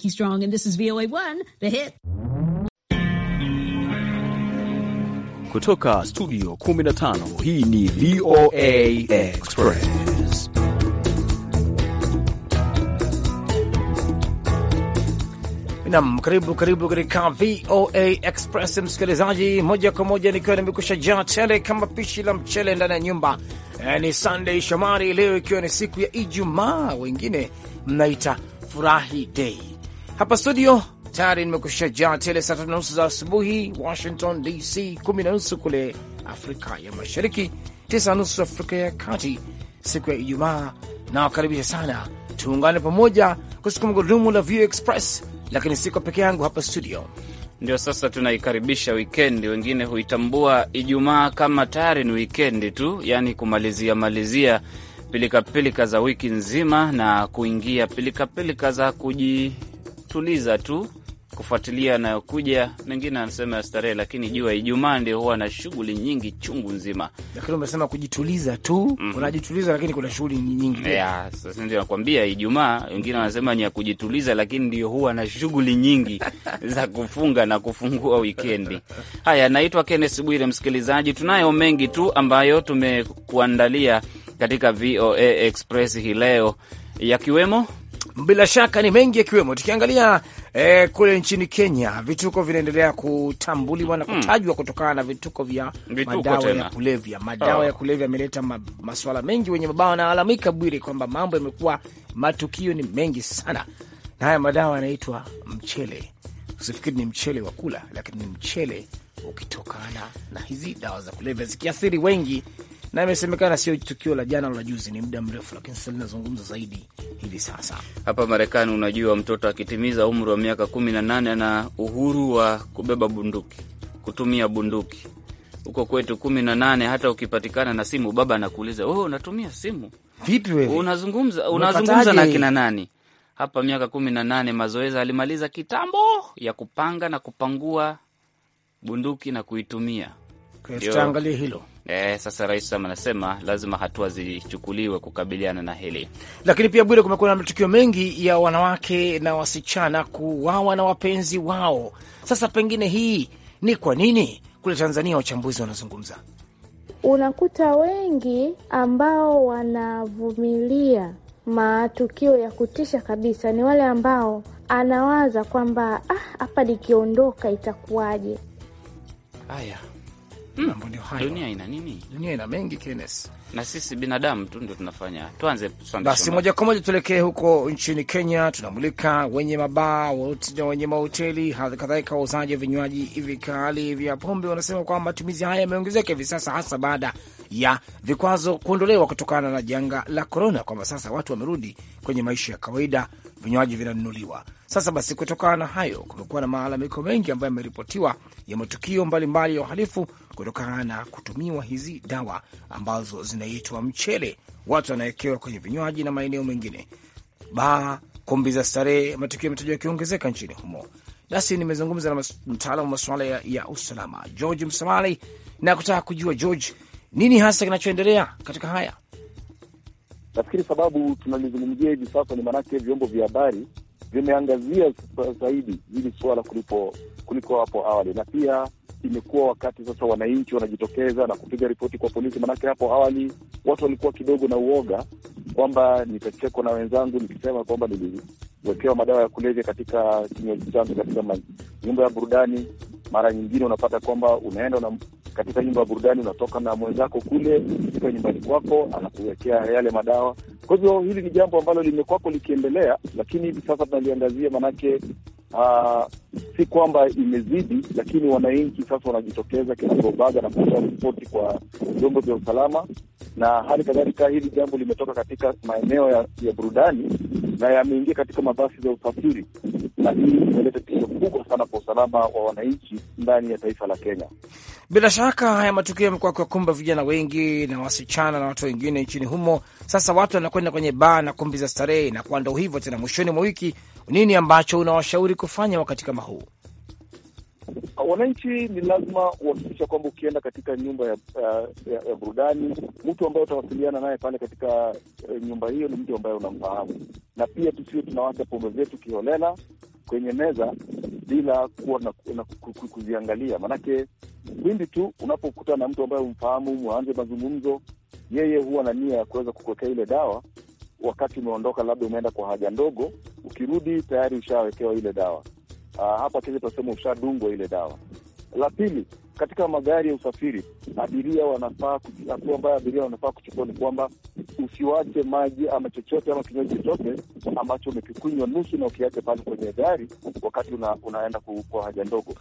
He's strong, and this is VOA1, The Hit. Kutoka studio 15, hii ni VOA Express. Nam, karibu karibu katika VOA Express msikilizaji, moja kwa moja nikiwa nimekusha jaa tele kama pishi la mchele ndani ya nyumba. E, ni Sunday Shomari, leo ikiwa ni siku ya Ijumaa, wengine mnaita furahi dei hapa studio tayari nimekusha jaa tele saa tatu na nusu za asubuhi Washington DC, kumi na nusu kule Afrika ya Mashariki, tisa na nusu Afrika ya Kati, siku ya Ijumaa. Nawakaribisha sana tuungane pamoja kusukuma gurudumu la View Express, lakini siko peke yangu hapa studio. Ndio sasa tunaikaribisha wikendi. Wengine huitambua Ijumaa kama tayari ni wikendi tu, yaani kumalizia malizia pilikapilika -pilika za wiki nzima na kuingia pilikapilika -pilika za kuji kutuliza tu kufuatilia anayokuja. Mengine anasema ya starehe, lakini jua Ijumaa ndio huwa na shughuli nyingi chungu nzima. Lakini umesema kujituliza tu mm -hmm. Unajituliza lakini kuna shughuli nyingi yeah. Sasa ndio nakwambia Ijumaa, wengine wanasema ni ya kujituliza, lakini ndio huwa na shughuli nyingi za kufunga na kufungua wikendi. Haya, naitwa Kennes Bwire. Msikilizaji, tunayo mengi tu ambayo tumekuandalia katika VOA Express hii leo yakiwemo bila shaka ni mengi yakiwemo, tukiangalia eh, kule nchini Kenya vituko vinaendelea kutambuliwa na hmm. kutajwa kutokana na vituko vya vituko madawa tena ya kulevya. Madawa oh, ya kulevya yameleta ma, masuala mengi, wenye mabao wanalalamika Bwire kwamba mambo yamekuwa, matukio ni mengi sana, na haya madawa yanaitwa mchele. Usifikiri ni mchele wa kula, lakini ni mchele ukitokana na hizi dawa za kulevya zikiathiri wengi na imesemekana sio tukio la jana la juzi, ni muda mrefu, lakini sasa linazungumza zaidi hivi sasa hapa Marekani. Unajua, mtoto akitimiza umri wa miaka kumi na nane ana uhuru wa kubeba bunduki, kutumia bunduki. Huko kwetu kumi na nane, hata ukipatikana na simu, baba anakuuliza oh, unatumia simu vipi? Wewe unazungumza unazungumza na kina nani? Hapa miaka kumi na nane, mazoezi alimaliza kitambo ya kupanga na kupangua bunduki na kuitumia. Tutaangalia hilo Eh, sasa Rais Sam anasema lazima hatua zichukuliwe kukabiliana na hili. Lakini pia Bwire, kumekuwa na matukio mengi ya wanawake na wasichana kuwawa na wapenzi wao. Sasa pengine hii ni kwa nini? Kule Tanzania wachambuzi wanazungumza unakuta wengi ambao wanavumilia matukio ya kutisha kabisa ni wale ambao anawaza kwamba ah, hapa nikiondoka itakuwaje? Haya, Mm. Mambo ndio hayo. Dunia ina nini? Dunia ina mengi Kenes, na sisi binadamu tu ndio tunafanya. Tuanze basi moja kwa moja, tuelekee huko nchini Kenya. Tunamulika wenye mabaa na wenye mahoteli, hali kadhalika wauzaji wa vinywaji hivi kali vya pombe, wanasema kwamba matumizi haya yameongezeka hivi sasa, hasa baada ya vikwazo kuondolewa kutokana na janga la korona, kwamba sasa watu wamerudi kwenye maisha ya kawaida, vinywaji vinanunuliwa sasa basi, kutokana na hayo, kumekuwa na malalamiko mengi ambayo yameripotiwa ya matukio mbalimbali ya uhalifu kutokana na kutumiwa hizi dawa ambazo zinaitwa mchele, watu wanawekewa kwenye vinywaji na maeneo mengine, baa, kumbi za starehe. Matukio yametajwa yakiongezeka nchini humo. Basi nimezungumza na mtaalamu wa masuala ya, ya usalama George Msamali na kutaka kujua George, nini hasa kinachoendelea katika haya. Nafikiri sababu tunalizungumzia hivi sasa ni maanake vyombo vya habari vimeangazia zaidi hili suala kuliko kuliko hapo awali, na pia imekuwa wakati sasa wananchi wanajitokeza na kupiga ripoti kwa polisi, maanake hapo awali watu walikuwa kidogo na uoga kwamba nitacheko na wenzangu nikisema kwamba niliwekewa madawa ya kulevya katika kinywaji changu katika nyumba ya burudani. Mara nyingine unapata kwamba unaenda una katika nyumba ya burudani, unatoka na mwenzako kule, fika nyumbani kwako, anakuwekea yale madawa kwa hivyo hili ni jambo ambalo limekwako likiendelea, lakini hivi sasa tunaliangazia, maanake ah, si kwamba imezidi, lakini wananchi sasa wanajitokeza kinagaubaga na kutoa ripoti kwa vyombo vya usalama, na hali kadhalika hili jambo limetoka katika maeneo ya, ya burudani na yameingia katika mabasi za usafiri na imeleta kubwa sana kwa usalama wa wananchi ndani ya taifa la Kenya. Bila shaka haya matukio yamekuwa akiwakumba vijana wengi na wasichana na watu wengine nchini humo. Sasa watu wanakwenda kwenye baa na kumbi za starehe, na kwa ndo hivyo tena, mwishoni mwa wiki, nini ambacho unawashauri kufanya wakati kama huu? wananchi ni lazima uhakikisha kwamba ukienda katika nyumba ya, ya, ya, ya burudani, mtu ambaye utawasiliana naye pale katika eh, nyumba hiyo ni mtu ambaye unamfahamu, na pia tusiwe tunawacha pombe zetu kiholela kwenye meza bila kuwa na, na kuziangalia, maanake pindi tu unapokutana na mtu ambaye umfahamu, mwanze mazungumzo, yeye huwa na nia ya kuweza kukuwekea ile dawa wakati umeondoka, labda umeenda kwa haja ndogo, ukirudi tayari ushawekewa ile dawa uh, hapa Kenya tunasema ushadungwa ile dawa. La pili, katika magari ya usafiri abiria wanafaa, hatua ambayo abiria wanafaa kuchukua ni kwamba usiwache maji ama chochote ama kinywaji chochote ambacho umekikunywa nusu na ukiache pale kwenye gari wakati una, unaenda kwa haja ndogo.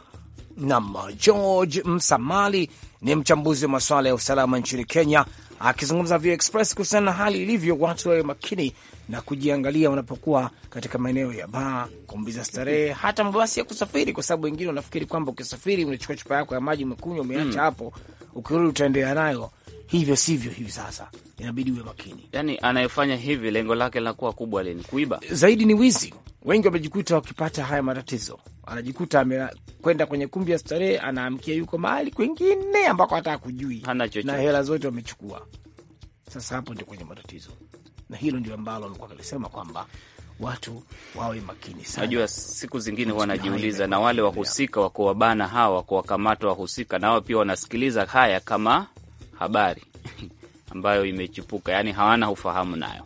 Nam George Msamali ni mchambuzi wa masuala ya usalama nchini Kenya, akizungumza VOA Express kuhusiana na hali ilivyo. Watu wawe makini na kujiangalia wanapokuwa katika maeneo ya baa, kumbi za starehe, hata mabasi ya kusafiri, kwa sababu wengine wanafikiri kwamba ukisafiri unachukua chupa yako ya maji, umekunywa, umeacha mm. hapo, ukirudi utaendelea nayo hivyo sivyo hivi sasa, inabidi uwe makini. Yani anayefanya hivi lengo lake linakuwa kubwa lini? kuiba zaidi, ni wizi. Wengi wamejikuta wakipata haya matatizo, anajikuta amekwenda kwenye kumbi ya starehe, anaamkia yuko mahali kwengine ambako hata kujui, na hela zote wamechukua. Sasa hapo ndio kwenye matatizo, na hilo ndio ambalo alikuwa akisema kwamba watu wawe makini sana. Najua siku zingine huwa wanajiuliza, na wale wahusika wako wabana hawa, wako wahusika, na wao pia wanasikiliza haya kama habari ambayo imechipuka, yaani hawana ufahamu nayo.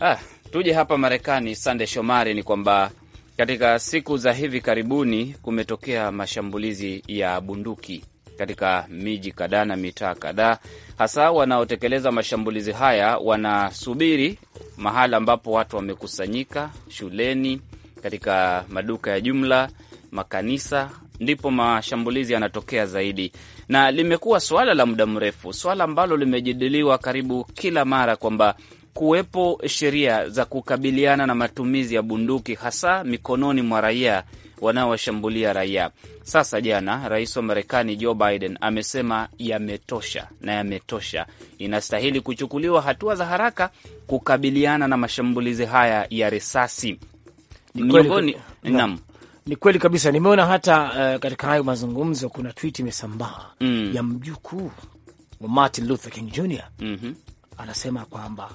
Ah, tuje hapa Marekani. Sande Shomari, ni kwamba katika siku za hivi karibuni kumetokea mashambulizi ya bunduki katika miji kadhaa na mitaa kadhaa. Hasa wanaotekeleza mashambulizi haya wanasubiri mahala ambapo watu wamekusanyika, shuleni, katika maduka ya jumla, makanisa ndipo mashambulizi yanatokea zaidi, na limekuwa swala la muda mrefu, swala ambalo limejadiliwa karibu kila mara kwamba kuwepo sheria za kukabiliana na matumizi ya bunduki hasa mikononi mwa raia wanaowashambulia raia. Sasa jana, rais wa Marekani Joe Biden amesema yametosha na yametosha, inastahili kuchukuliwa hatua za haraka kukabiliana na mashambulizi haya ya risasi miongoni nam ni kweli kabisa, nimeona hata uh, katika hayo mazungumzo kuna twit imesambaa mm. ya mjukuu wa Martin Luther King Jr. mm -hmm. anasema kwamba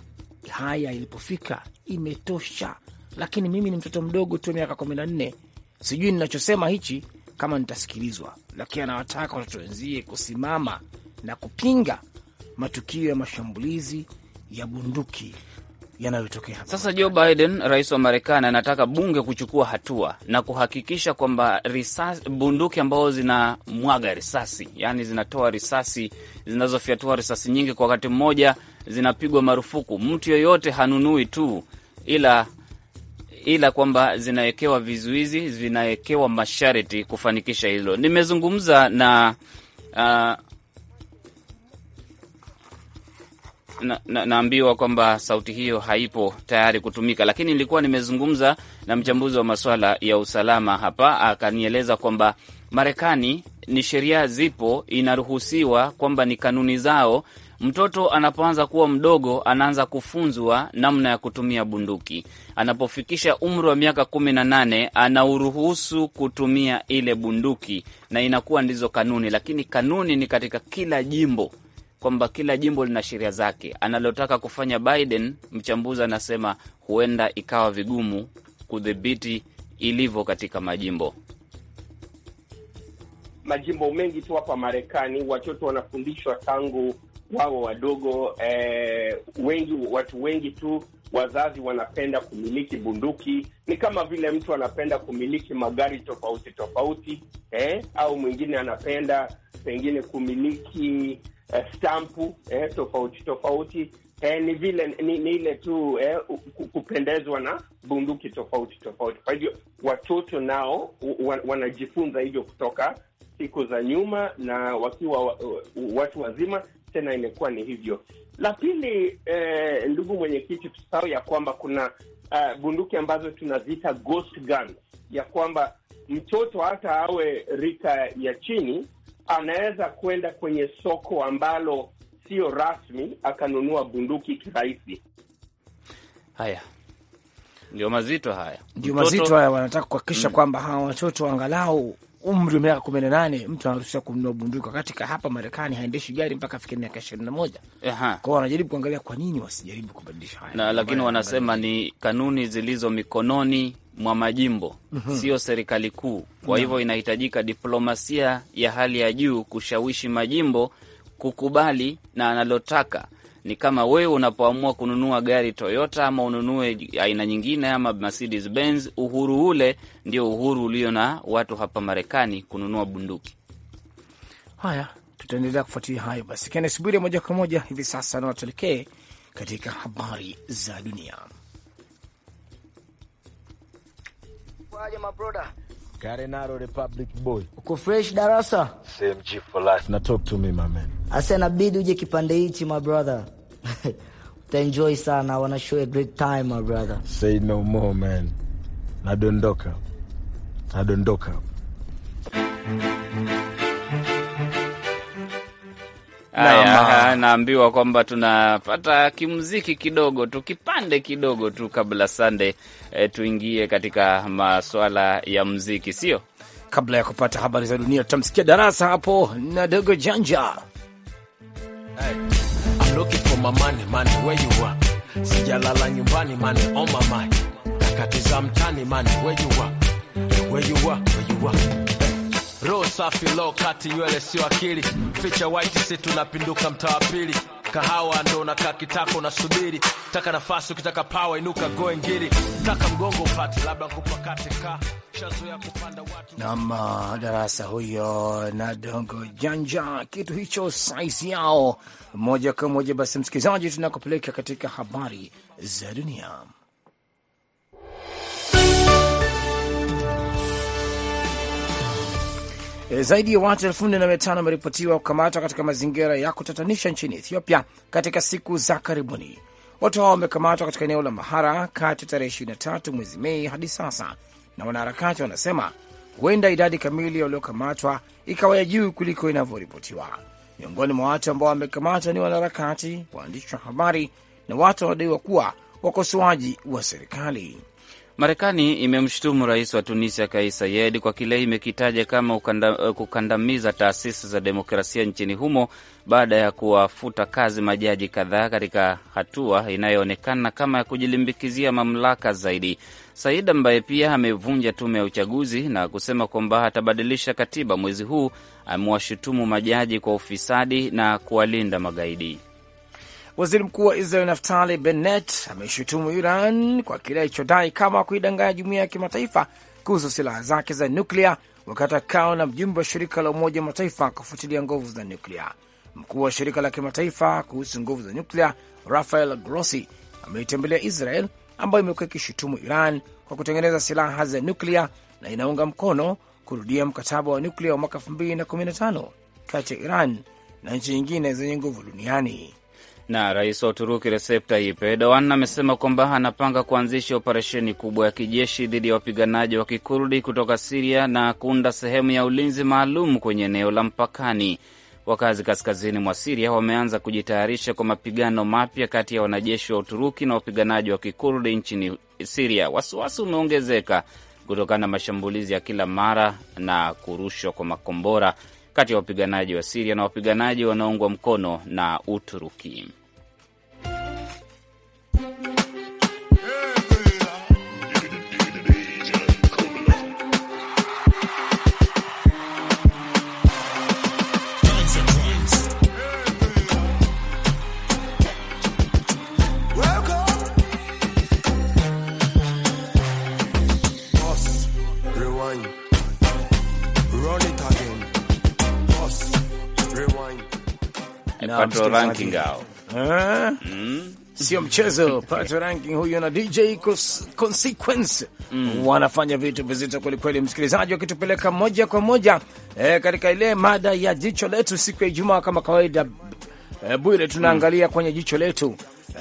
haya ilipofika imetosha, lakini mimi ni mtoto mdogo tu miaka kumi na nne, sijui ninachosema hichi kama nitasikilizwa, lakini anawataka watoto wenzie kusimama na kupinga matukio ya mashambulizi ya bunduki yanayotokea Sasa Joe Biden, rais wa Marekani, anataka bunge kuchukua hatua na kuhakikisha kwamba risasi, bunduki ambazo zinamwaga risasi, yani zinatoa risasi zinazofyatua risasi nyingi kwa wakati mmoja, zinapigwa marufuku. Mtu yoyote hanunui tu, ila ila kwamba zinawekewa vizuizi, zinawekewa masharti kufanikisha hilo. Nimezungumza na uh, na, na, naambiwa kwamba sauti hiyo haipo tayari kutumika, lakini nilikuwa nimezungumza na mchambuzi wa masuala ya usalama hapa, akanieleza kwamba Marekani ni sheria zipo, inaruhusiwa kwamba ni kanuni zao. Mtoto anapoanza kuwa mdogo anaanza kufunzwa namna ya kutumia bunduki. Anapofikisha umri wa miaka kumi na nane anauruhusu kutumia ile bunduki, na inakuwa ndizo kanuni, lakini kanuni ni katika kila jimbo kwamba kila jimbo lina sheria zake. Analotaka kufanya Biden, mchambuzi anasema huenda ikawa vigumu kudhibiti ilivyo katika majimbo majimbo mengi tu hapa Marekani, watoto wanafundishwa tangu wao wadogo. Eh, wengi watu wengi tu wazazi wanapenda kumiliki bunduki, ni kama vile mtu anapenda kumiliki magari tofauti tofauti, eh, au mwingine anapenda pengine kumiliki eh, stampu eh, tofauti tofauti eh, ni vile ni, ni ile tu eh, kupendezwa na bunduki tofauti tofauti. Kwa hivyo watoto nao wanajifunza hivyo kutoka siku za nyuma, na wakiwa watu wazima tena imekuwa ni hivyo. La pili, eh, ndugu mwenyekiti, tusahau ya kwamba kuna uh, bunduki ambazo tunaziita ghost gun, ya kwamba mtoto hata awe rika ya chini anaweza kwenda kwenye soko ambalo sio rasmi akanunua bunduki kirahisi. Haya ndio mazito haya, ndio mazito haya. Wanataka kuhakikisha mm, kwamba hawa watoto angalau umri wa miaka kumi na nane mtu anaruhusiwa kununua bunduki, wakati hapa Marekani haendeshi gari mpaka afike miaka ishirini na moja kwao. Wanajaribu kuangalia kwa nini wasijaribu kubadilisha haya lakini wanasema ni kanuni zilizo mikononi mwa majimbo mm -hmm. Sio serikali kuu, kwa hivyo -hmm. Inahitajika diplomasia ya hali ya juu kushawishi majimbo kukubali na analotaka ni kama wewe unapoamua kununua gari Toyota ama ununue aina nyingine ama Mercedes Benz. Uhuru ule ndio uhuru ulio na watu hapa Marekani kununua bunduki. Haya, tutaendelea kufuatilia hayo. Basi Kenes Bwire moja kwa moja hivi sasa, na watuelekee katika habari za dunia. Waje mabroda Karenaro Republic Boy. Uko fresh darasa? Same G for life. Na talk to me my man. Asa nabidi uje kipande hichi my brother. Utaenjoy sana. I wanna show a great time my brother. Say no more man. Nadondoka. Nadondoka. Haya, naambiwa kwamba tunapata kimziki kidogo tu, kipande kidogo tu kabla sande, e, eh, tuingie katika maswala ya mziki sio kabla ya kupata habari za dunia. Tutamsikia darasa hapo na dogo janja hey. Roho safi lo kati, nywele sio akili, ficha white, si tunapinduka mtaa wa pili kahawa ndo unakaa kitako, unasubiri taka nafasi, ukitaka pawa inuka goe ngiri, taka mgongo upate labda kupakate ka shazoea kupanda watu nama ah, darasa huyo na dongo janja, kitu hicho saizi yao moja kwa moja. Basi msikilizaji, tunakopeleka katika habari za dunia. E, zaidi ya watu elfu nne na mia tano wameripotiwa kukamatwa katika mazingira ya kutatanisha nchini Ethiopia katika siku za karibuni. Watu hao wamekamatwa katika eneo la Mahara kati ya tarehe 23 mwezi Mei hadi sasa, na wanaharakati wanasema huenda idadi kamili waliokamatwa ikawa ya juu kuliko inavyoripotiwa. Miongoni mwa watu ambao wamekamatwa ni wanaharakati, waandishi wa habari na watu wanaodaiwa kuwa wakosoaji wa serikali. Marekani imemshutumu rais wa Tunisia Kais Saied kwa kile imekitaja kama ukanda, eh, kukandamiza taasisi za demokrasia nchini humo baada ya kuwafuta kazi majaji kadhaa katika hatua inayoonekana kama ya kujilimbikizia mamlaka zaidi. Said ambaye pia amevunja tume ya uchaguzi na kusema kwamba atabadilisha katiba mwezi huu, amewashutumu majaji kwa ufisadi na kuwalinda magaidi. Waziri mkuu wa Israel Naftali Bennett ameshutumu Iran kwa kile alichodai kama kuidanganya jumuiya ya kimataifa kuhusu silaha zake za nuklia wakati akikao na mjumbe wa shirika la Umoja wa Mataifa kufuatilia nguvu za nuklia. Mkuu wa shirika la kimataifa kuhusu nguvu za nyuklia Rafael Grossi ameitembelea Israel ambayo imekuwa ikishutumu Iran kwa kutengeneza silaha za nuklia na inaunga mkono kurudia mkataba wa nuklia wa mwaka 2015 kati ya Iran na nchi nyingine zenye nguvu duniani. Na rais wa Uturuki Recep Tayyip Erdogan amesema kwamba anapanga kuanzisha operesheni kubwa ya kijeshi dhidi ya wapiganaji wa kikurdi kutoka Siria na kuunda sehemu ya ulinzi maalum kwenye eneo la mpakani. Wakazi kaskazini mwa Siria wameanza kujitayarisha kwa mapigano mapya kati ya wanajeshi wa Uturuki na wapiganaji wa kikurdi nchini Siria. Wasiwasi umeongezeka kutokana na mashambulizi ya kila mara na kurushwa kwa makombora kati ya wapiganaji wa Siria na wapiganaji wanaoungwa mkono na Uturuki. Pato ranking hao mm. Sio mchezo Pato ranking huyo na DJ Consequence mm. wanafanya vitu vizito kwelikweli, msikilizaji, wakitupeleka moja kwa moja e, katika ile mada ya jicho letu siku ya Ijumaa kama kawaida e, Bwire, tunaangalia mm. kwenye jicho letu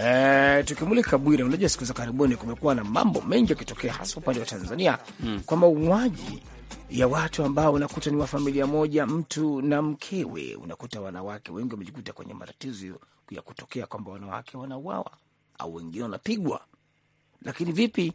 Eh, tukimulika Bwire, unajua siku za karibuni kumekuwa na mambo mengi yakitokea hasa upande wa Tanzania mm. kwa mauaji ya watu ambao unakuta ni wa familia moja, mtu na mkewe. Unakuta wanawake wengi wamejikuta kwenye matatizo ya kutokea kwamba wanawake wanauawa au wengine wanapigwa, lakini vipi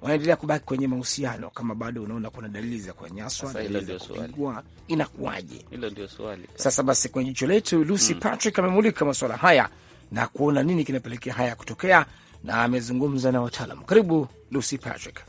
wanaendelea kubaki kwenye mahusiano kama bado unaona kuna dalili za kunyanyaswa, dalili za kupigwa, inakuwaje? Hilo ndio swali. Sasa basi kwenye jicho letu Lucy mm, Patrick amemulika masuala haya na kuona nini kinapelekea haya kutokea, na amezungumza na wataalamu. Karibu Lucy Patrick.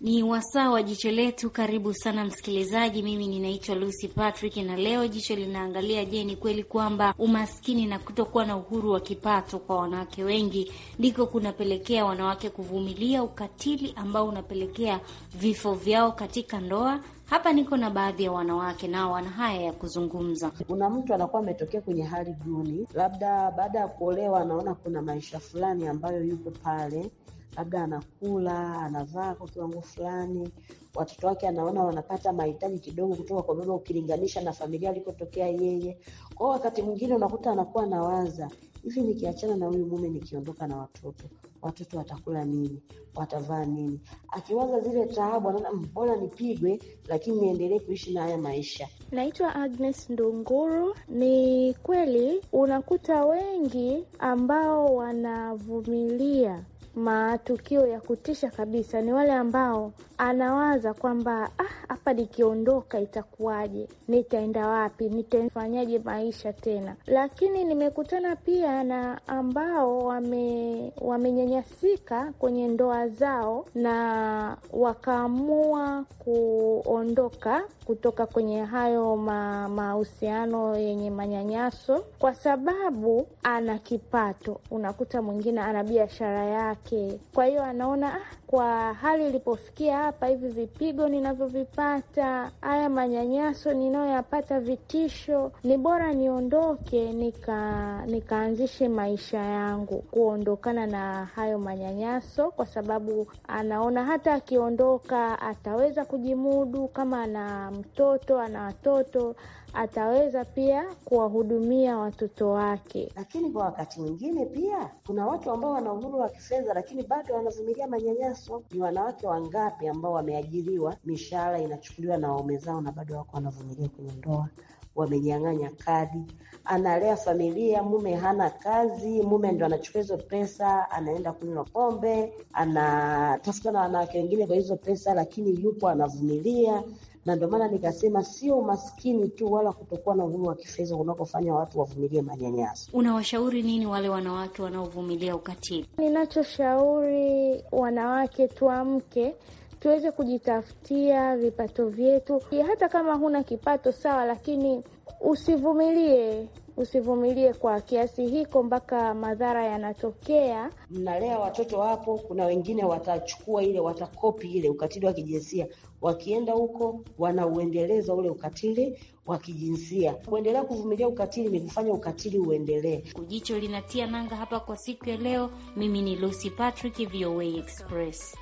Ni wasaa wa jicho letu. Karibu sana msikilizaji, mimi ninaitwa Lucy Patrick na leo jicho linaangalia, je, ni kweli kwamba umaskini na kutokuwa na uhuru wa kipato kwa wanawake wengi ndiko kunapelekea wanawake kuvumilia ukatili ambao unapelekea vifo vyao katika ndoa? Hapa niko na baadhi ya wanawake nao wana haya ya kuzungumza. Kuna mtu anakuwa ametokea kwenye hali duni, labda baada ya kuolewa, anaona kuna maisha fulani ambayo yuko pale labda anakula, anavaa kwa kiwango fulani, watoto wake anaona wanapata mahitaji kidogo kutoka kwa baba ukilinganisha na familia alikotokea yeye. Kwa hiyo wakati mwingine unakuta anakuwa anawaza hivi, nikiachana na huyu mume, nikiondoka na watoto, watoto watakula nini? Watavaa nini? Akiwaza zile taabu, anaona mbona mm, nipigwe, lakini niendelee kuishi na haya maisha. Naitwa Agnes Ndunguru. Ni kweli unakuta wengi ambao wanavumilia matukio ya kutisha kabisa ni wale ambao anawaza kwamba ah, hapa nikiondoka itakuwaje? Nitaenda wapi? Nitafanyaje maisha tena? Lakini nimekutana pia na ambao wame wamenyanyasika kwenye ndoa zao na wakaamua kuondoka kutoka kwenye hayo mahusiano yenye manyanyaso, kwa sababu ana kipato. Unakuta mwingine ana biashara yake wake. Kwa hiyo anaona ah, kwa hali ilipofikia hapa, hivi vipigo ninavyovipata, haya manyanyaso ninayoyapata, vitisho, ni bora niondoke, nika nikaanzishe maisha yangu, kuondokana na hayo manyanyaso, kwa sababu anaona hata akiondoka ataweza kujimudu, kama ana mtoto, ana watoto ataweza pia kuwahudumia watoto wake. Lakini kwa wakati mwingine pia kuna watu ambao wana uhuru wa kifedha, lakini bado wanavumilia manyanyaso. Ni wanawake wangapi ambao wameajiriwa, mishahara inachukuliwa na waume zao, na bado wako wanavumilia kwenye ndoa wamenyang'anya kadi, analea familia, mume hana kazi, mume ndo anachukua hizo pesa, anaenda kunywa pombe, anatafuta na wanawake wengine kwa hizo pesa, lakini yupo anavumilia na ndio maana nikasema sio umaskini tu wala kutokuwa na uhuru wa kifedha unakofanya watu wavumilie manyanyaso. Unawashauri nini wale wanawake wanaovumilia ukatili? Ninachoshauri wanawake, tuamke tuweze kujitafutia vipato vyetu. Hata kama huna kipato sawa, lakini usivumilie usivumilie kwa kiasi hiko mpaka madhara yanatokea. Mnalea watoto hapo, kuna wengine watachukua ile, watakopi ile ukatili wa kijinsia Wakienda huko wanauendeleza ule ukatili wa kijinsia. Kuendelea kuvumilia ukatili ni kufanya ukatili uendelee. Kujicho linatia nanga hapa kwa siku ya leo. Mimi ni Lucy Patrick, VOA Express.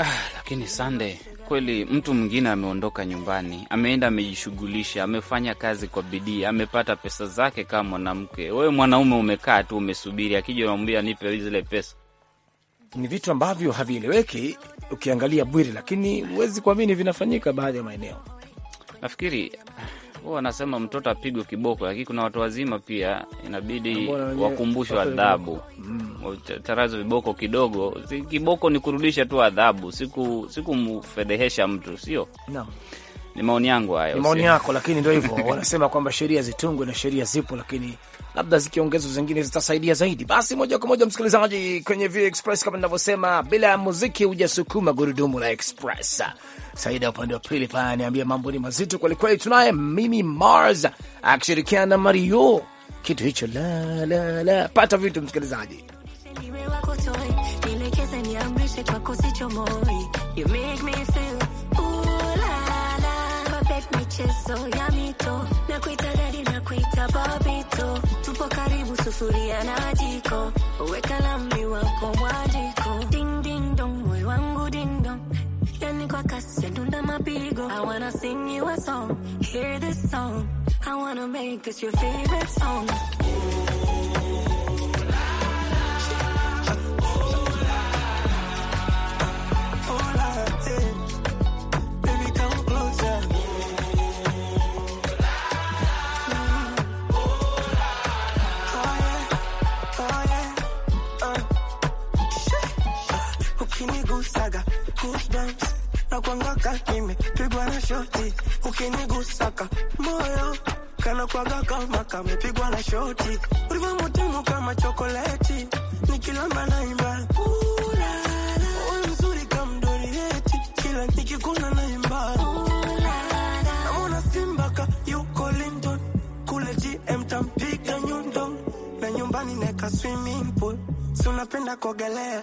Ah, lakini Sande, kweli mtu mwingine ameondoka nyumbani, ameenda, amejishughulisha, amefanya kazi kwa bidii, amepata pesa zake kama mwanamke. Wewe mwanaume umekaa tu, umesubiri akija, unamwambia nipe zile pesa ni vitu ambavyo havieleweki ukiangalia Bwiri, lakini huwezi kuamini vinafanyika baadhi ya maeneo. Nafikiri wanasema mtoto apigwe kiboko, lakini kuna watu wazima pia inabidi wakumbushwe adhabu mm. viboko kidogo, kiboko ni kurudisha tu adhabu, sikumfedhehesha siku mtu, sio no. Ni maoni yangu hayo, maoni yako, lakini ndo hivyo wanasema kwamba sheria zitungwe na sheria zipo, lakini labda zikiongezwa zingine zitasaidia zaidi. Basi moja kwa moja, msikilizaji, kwenye Vio Express kama ninavyosema, bila ya muziki hujasukuma gurudumu la Express. Saida upande wa pili pale aniambia mambo ni mazito kwelikweli. Tunaye Mimi Mars akishirikiana na Mario, kitu hicho la, la, la. Pata vitu msikilizaji michezo ya mito, nakuita dadi, nakuita babito, tupo karibu sufuria na jiko, weka lami wako mwaliko, ding ding dong, moyo wangu ding dong, yani kwa kasi ndunda mapigo, I wanna sing you a song, hear this song, I wanna make this your favorite song. kunigusaga kush dance na kwangaka nimepigwa na shoti ukinigusaka moyo kana kwaga kama kamepigwa na shoti ulivyo mutimu kama chokoleti nikilamba naimba mzuri kama dorieti kila nikikuna naimba namona simba ka yuko London kule GM tampiga nyundo na nyumbani neka swimming pool si kuogelea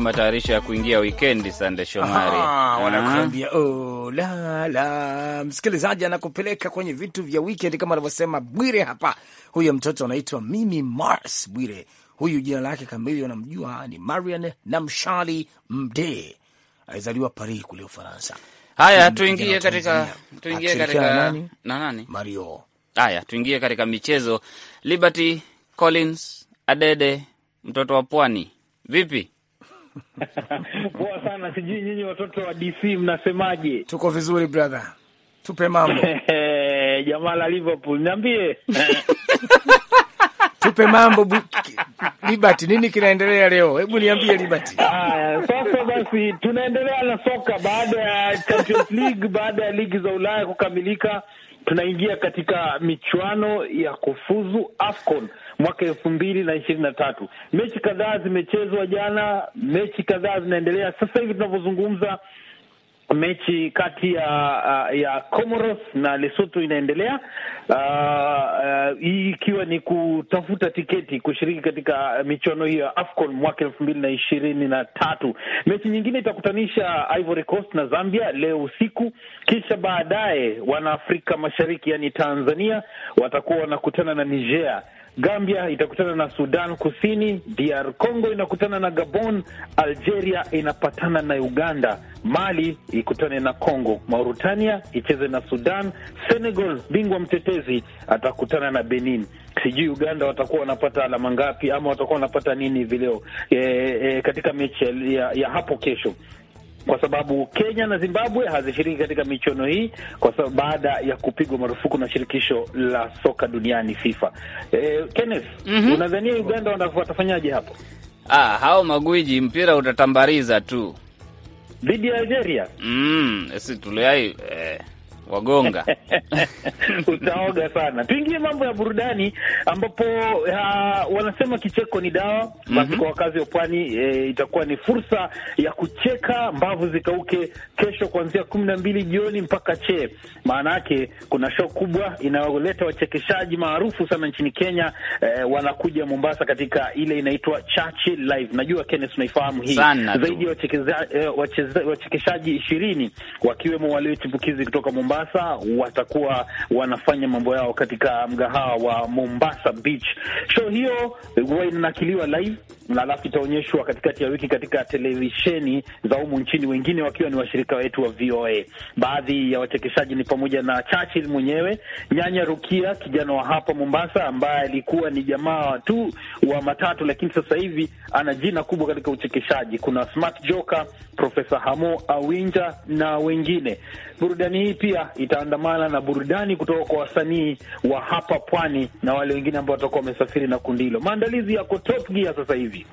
ndio matayarisho ya kuingia wikendi, Sande Shomari. Ah. Wanakuambia oh, la, la. Msikilizaji anakupeleka kwenye vitu vya wikendi kama anavyosema Bwire hapa. Huyo mtoto anaitwa Mimi Mars Bwire, huyu jina lake kamili wanamjua ni Marian Namshali Mde, alizaliwa Paris kule Ufaransa. Haya, tuingie katika, tuingie katika nani? Na nani? Mario. Haya, tuingie katika michezo. Liberty Collins Adede, mtoto wa pwani, vipi? Poa sana, sijui nyinyi watoto wa DC mnasemaje? Tuko vizuri brother, tupe mambo jamaa la Liverpool, niambie tupe mambo Liberty, nini kinaendelea leo? Hebu niambie Liberty. sasa basi, tunaendelea na soka baada ya Champions League, baada ya ligi za Ulaya kukamilika, tunaingia katika michuano ya kufuzu AFCON mwaka elfu mbili na ishirini na tatu. Mechi kadhaa zimechezwa jana, mechi kadhaa zinaendelea sasa hivi tunavyozungumza. Mechi kati ya uh, ya Comoros na Lesotho inaendelea uh, uh, hii, uh, ikiwa ni kutafuta tiketi kushiriki katika michuano hiyo ya AFCON mwaka elfu mbili na ishirini na tatu. Mechi nyingine itakutanisha Ivory Coast na Zambia leo usiku, kisha baadaye wanaafrika Mashariki, yani Tanzania watakuwa wanakutana na Niger Gambia itakutana na Sudan Kusini, DR Congo inakutana na Gabon, Algeria inapatana na Uganda, Mali ikutane na Congo, Mauritania icheze na Sudan, Senegal bingwa mtetezi atakutana na Benin. Sijui Uganda watakuwa wanapata alama ngapi ama watakuwa wanapata nini hivi leo e, e, katika mechi ya, ya hapo kesho kwa sababu Kenya na Zimbabwe hazishiriki katika michuano hii kwa sababu baada ya kupigwa marufuku na shirikisho la soka duniani FIFA. E, Kenneth, mm -hmm. unadhania Uganda watafanyaje hapo? Ah, hao magwiji mpira utatambariza tu dhidi ya Algeria. Mm, si tuliai eh wagonga utaoga sana. Tuingie mambo ya burudani, ambapo uh, wanasema kicheko ni dawa basi. mm -hmm. Kwa wakazi wa pwani e, itakuwa ni fursa ya kucheka mbavu zikauke kesho kuanzia kumi na mbili jioni mpaka che. Maana yake kuna show kubwa inayoleta wachekeshaji maarufu sana nchini Kenya e, wanakuja Mombasa katika ile inaitwa Chachi Live. Najua Kenneth unaifahamu hii zaidi ya e, wachekeshaji ishirini wakiwemo waliochipukizi kutoka Mombasa Mombasa watakuwa wanafanya mambo yao katika mgahawa wa Mombasa Beach. Show hiyo huwa inanakiliwa live na alafu itaonyeshwa katikati ya wiki katika televisheni za humu nchini, wengine wakiwa ni washirika wetu wa VOA. Baadhi ya wachekeshaji ni pamoja na Churchill mwenyewe, Nyanya Rukia, kijana wa hapa Mombasa ambaye alikuwa ni jamaa tu wa matatu, lakini sasa hivi ana jina kubwa katika uchekeshaji. Kuna Smart Joker, Profesa Hamo Awinja na wengine burudani hii pia itaandamana na burudani kutoka kwa wasanii wa hapa pwani na wale wengine ambao watakuwa wamesafiri na kundi hilo. Maandalizi yako top gear sasa hivi.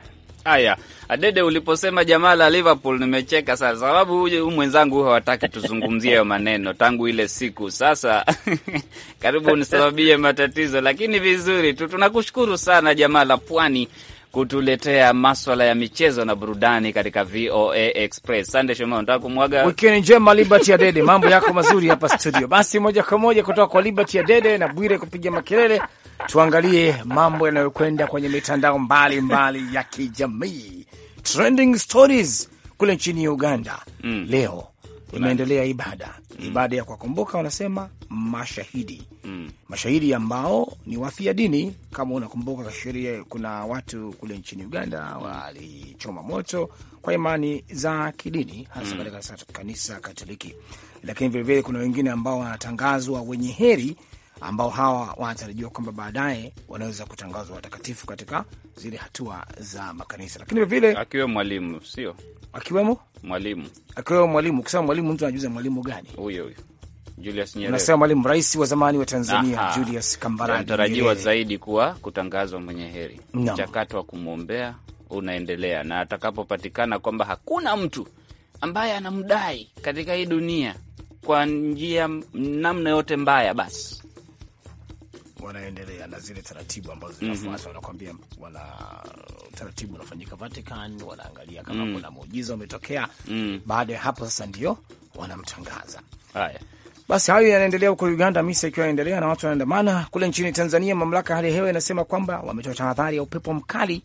Haya, Adede, uliposema jamaa la Liverpool nimecheka sana, sababu huyu mwenzangu hawataki tuzungumzie hayo maneno tangu ile siku sasa. Karibu unisababie matatizo, lakini vizuri tu, tunakushukuru sana jamaa la Pwani kutuletea maswala ya michezo na burudani katika VOA Express. Sande Shomao, nataka kumwaga wikendi njema Liberty Adede, mambo yako mazuri hapa studio. Basi moja kwa moja kutoka kwa Liberty Adede na Bwire kupiga makelele, tuangalie mambo yanayokwenda kwenye mitandao mbalimbali mbali ya kijamii, trending stories kule nchini Uganda mm. leo imeendelea ibada mm. ibada ya kuwakumbuka wanasema mashahidi mm. mashahidi ambao ni wafia dini. Kama unakumbuka sheria, kuna watu kule nchini Uganda mm. walichoma moto kwa imani za kidini, hasa mm. katika mm. kanisa Katoliki, lakini vilevile kuna wengine ambao wanatangazwa wenye heri ambao hawa wanatarajiwa kwamba baadaye wanaweza kutangazwa watakatifu katika zile hatua za makanisa, lakini vile akiwemo mwalimu, sio akiwemo mwalimu, akiwemo mwalimu. Ukisema mwalimu, mtu anajuza mwalimu gani? Huyo huyo Julius Nyerere. Unasema mwalimu, rais wa zamani wa Tanzania. Aha. Julius Kambarage anatarajiwa zaidi kuwa kutangazwa mwenye heri. Mchakato no. wa kumwombea unaendelea na atakapopatikana kwamba hakuna mtu ambaye anamdai katika hii dunia kwa njia namna yote mbaya, basi wanaendelea na zile taratibu ambazo zinafuata. mm -hmm. Wanakwambia wana taratibu unafanyika Vatican, wanaangalia kama mm -hmm. kuna muujiza umetokea. mm -hmm. Baada ya hapo sasa ndio wanamtangaza. Haya basi, hayo yanaendelea huko Uganda, misa ikiwa inaendelea na watu wanaandamana. Kule nchini Tanzania, mamlaka ya hali ya hewa inasema kwamba wametoa tahadhari ya upepo mkali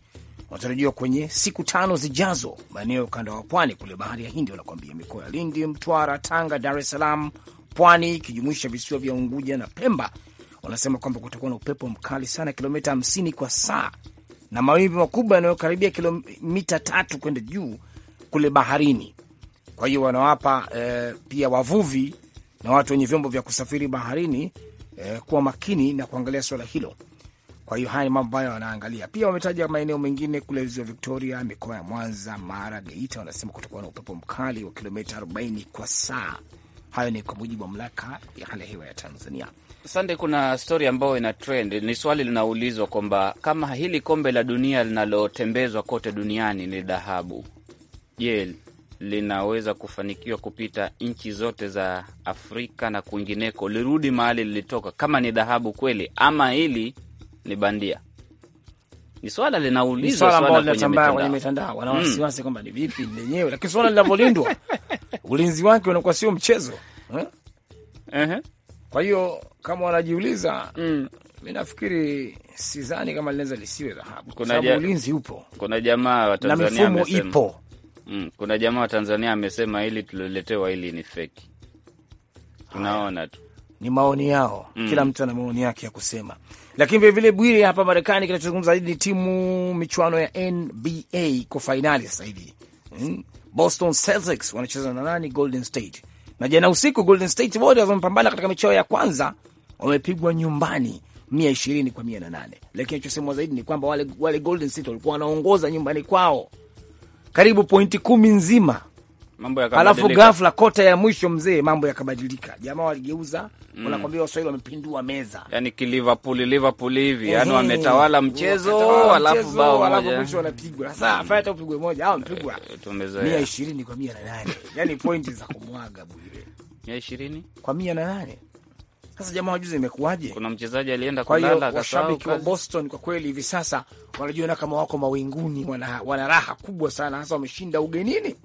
wanatarajiwa kwenye siku tano zijazo maeneo ya ukanda wa pwani kule bahari ya Hindi, wanakuambia mikoa ya Lindi, Mtwara, Tanga, Dar es Salaam, Pwani ikijumuisha visiwa vya Unguja na Pemba wanasema kwamba kutakuwa na upepo mkali sana kilomita hamsini kwa saa na mawimbi makubwa yanayokaribia kilomita tatu kwenda juu kule baharini. Kwa hiyo wanawapa eh, pia wavuvi na watu wenye vyombo vya kusafiri baharini eh, kuwa makini na kuangalia swala hilo. Kwa hiyo haya ni mambo ambayo wanaangalia pia, wametaja maeneo mengine kule ziwa Victoria, mikoa ya Mwanza, Mara, Geita, wanasema kutakuwa na upepo mkali wa kilomita 40 kwa saa Hayo ni kwa mujibu wa mamlaka ya hali ya hewa ya Tanzania. Sande, kuna stori ambayo ina trend. Ni swali linaulizwa kwamba kama hili kombe la dunia linalotembezwa kote duniani ni dhahabu, je, linaweza kufanikiwa kupita nchi zote za Afrika na kwingineko, lirudi mahali lilitoka, kama ni dhahabu kweli ama hili ni bandia? Ni swala linaulizwa, swala ambalo linatambaa kwenye mitandao, wana hmm. wasiwasi kwamba ni vipi lenyewe, lakini swala linavyolindwa ulinzi wake unakuwa sio mchezo eh? uh -huh. Kwa hiyo kama wanajiuliza mm. Mi nafikiri sidhani kama linaweza lisiwe dhahabu kwa sababu ulinzi upo, kuna jamaa wa Tanzania na mifumo ipo mm, kuna jamaa wa Tanzania amesema hili tuliletewa hili ni feki, tunaona tu ni maoni yao mm. Kila mtu ana maoni yake ya kusema, lakini vilevile Bwire, hapa Marekani kinachozungumza zaidi ni timu michuano ya NBA iko fainali sasa hivi mm. Boston Celtics wanacheza na nani? Golden State. Na jana usiku Golden State Warriors wamepambana katika mechi ya kwanza, wamepigwa nyumbani mia ishirini kwa mia na nane, lakini achosemwa zaidi ni kwamba wale, wale Golden State walikuwa wanaongoza nyumbani kwao karibu pointi kumi nzima mambo yakabadilika, alafu ghafla kota ya mwisho mzee, mambo yakabadilika, jamaa waligeuza mm. Wanakwambia Waswahili wamepindua meza, yani Kiliverpool Liverpool hivi, yani wametawala mchezo, alafu bao alafu mwisho wanapigwa. Sasa mm. upigwe moja au mpigwa 120 eh, eh, kwa 108 yani pointi za kumwaga bure 120 kwa 108 sasa jamaa wajuzi, imekuwaje? Kuna mchezaji alienda kulala. Kwa hiyo washabiki wa Boston kwa kweli hivi sasa wanajiona kama wako mawinguni, wana, wana raha kubwa sana, hasa wameshinda ugenini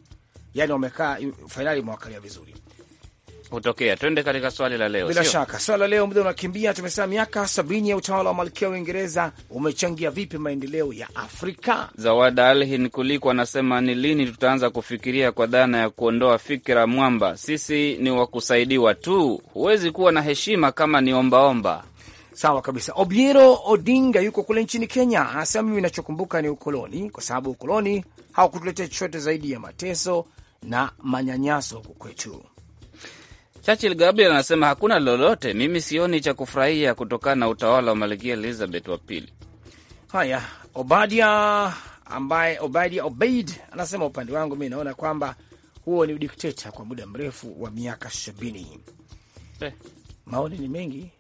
yani wamekaa fainali mwakalia vizuri kutokea. Twende katika swali la leo, bila sio shaka swali la leo, muda unakimbia. Tumesema miaka sabini ya utawala wa malkia wa Uingereza umechangia vipi maendeleo ya Afrika? Zawada Alhin Kuliko anasema ni lini tutaanza kufikiria kwa dhana ya kuondoa fikira mwamba, sisi ni wakusaidiwa tu, huwezi kuwa na heshima kama ni ombaomba. Sawa kabisa. Obiero Odinga yuko kule nchini Kenya, anasema mimi nachokumbuka ni ukoloni, kwa sababu ukoloni hawakutuletea chochote zaidi ya mateso na manyanyaso huku kwetu. Churchill Gabriel anasema hakuna lolote mimi sioni cha kufurahia kutokana na utawala wa Malkia Elizabeth wa pili. Haya, Obadia ambaye Obadia Obeid anasema upande wangu mi naona kwamba huo ni udikteta kwa muda mrefu wa miaka sabini. Eh, maoni ni mengi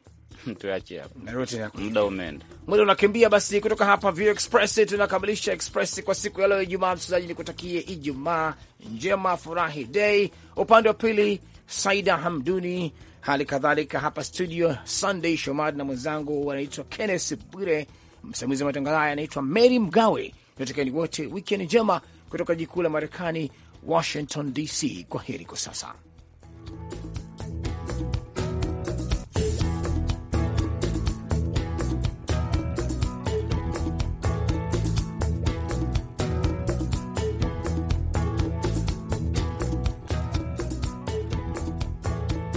tuache hapo, muda umeenda, muda unakimbia. Basi kutoka hapa View Express tunakamilisha Express kwa siku ya leo Ijumaa. Msikilizaji, nikutakie Ijumaa njema, furahi dei. Upande wa pili Saida Hamduni, hali kadhalika hapa studio Sunday Shomad na mwenzangu wanaitwa Kenneth Bwire, msimamizi wa matangazo haya anaitwa Mary Mgawe. Tunatakeni wote wikend njema kutoka jikuu la Marekani, Washington DC. Kwa heri kwa sasa.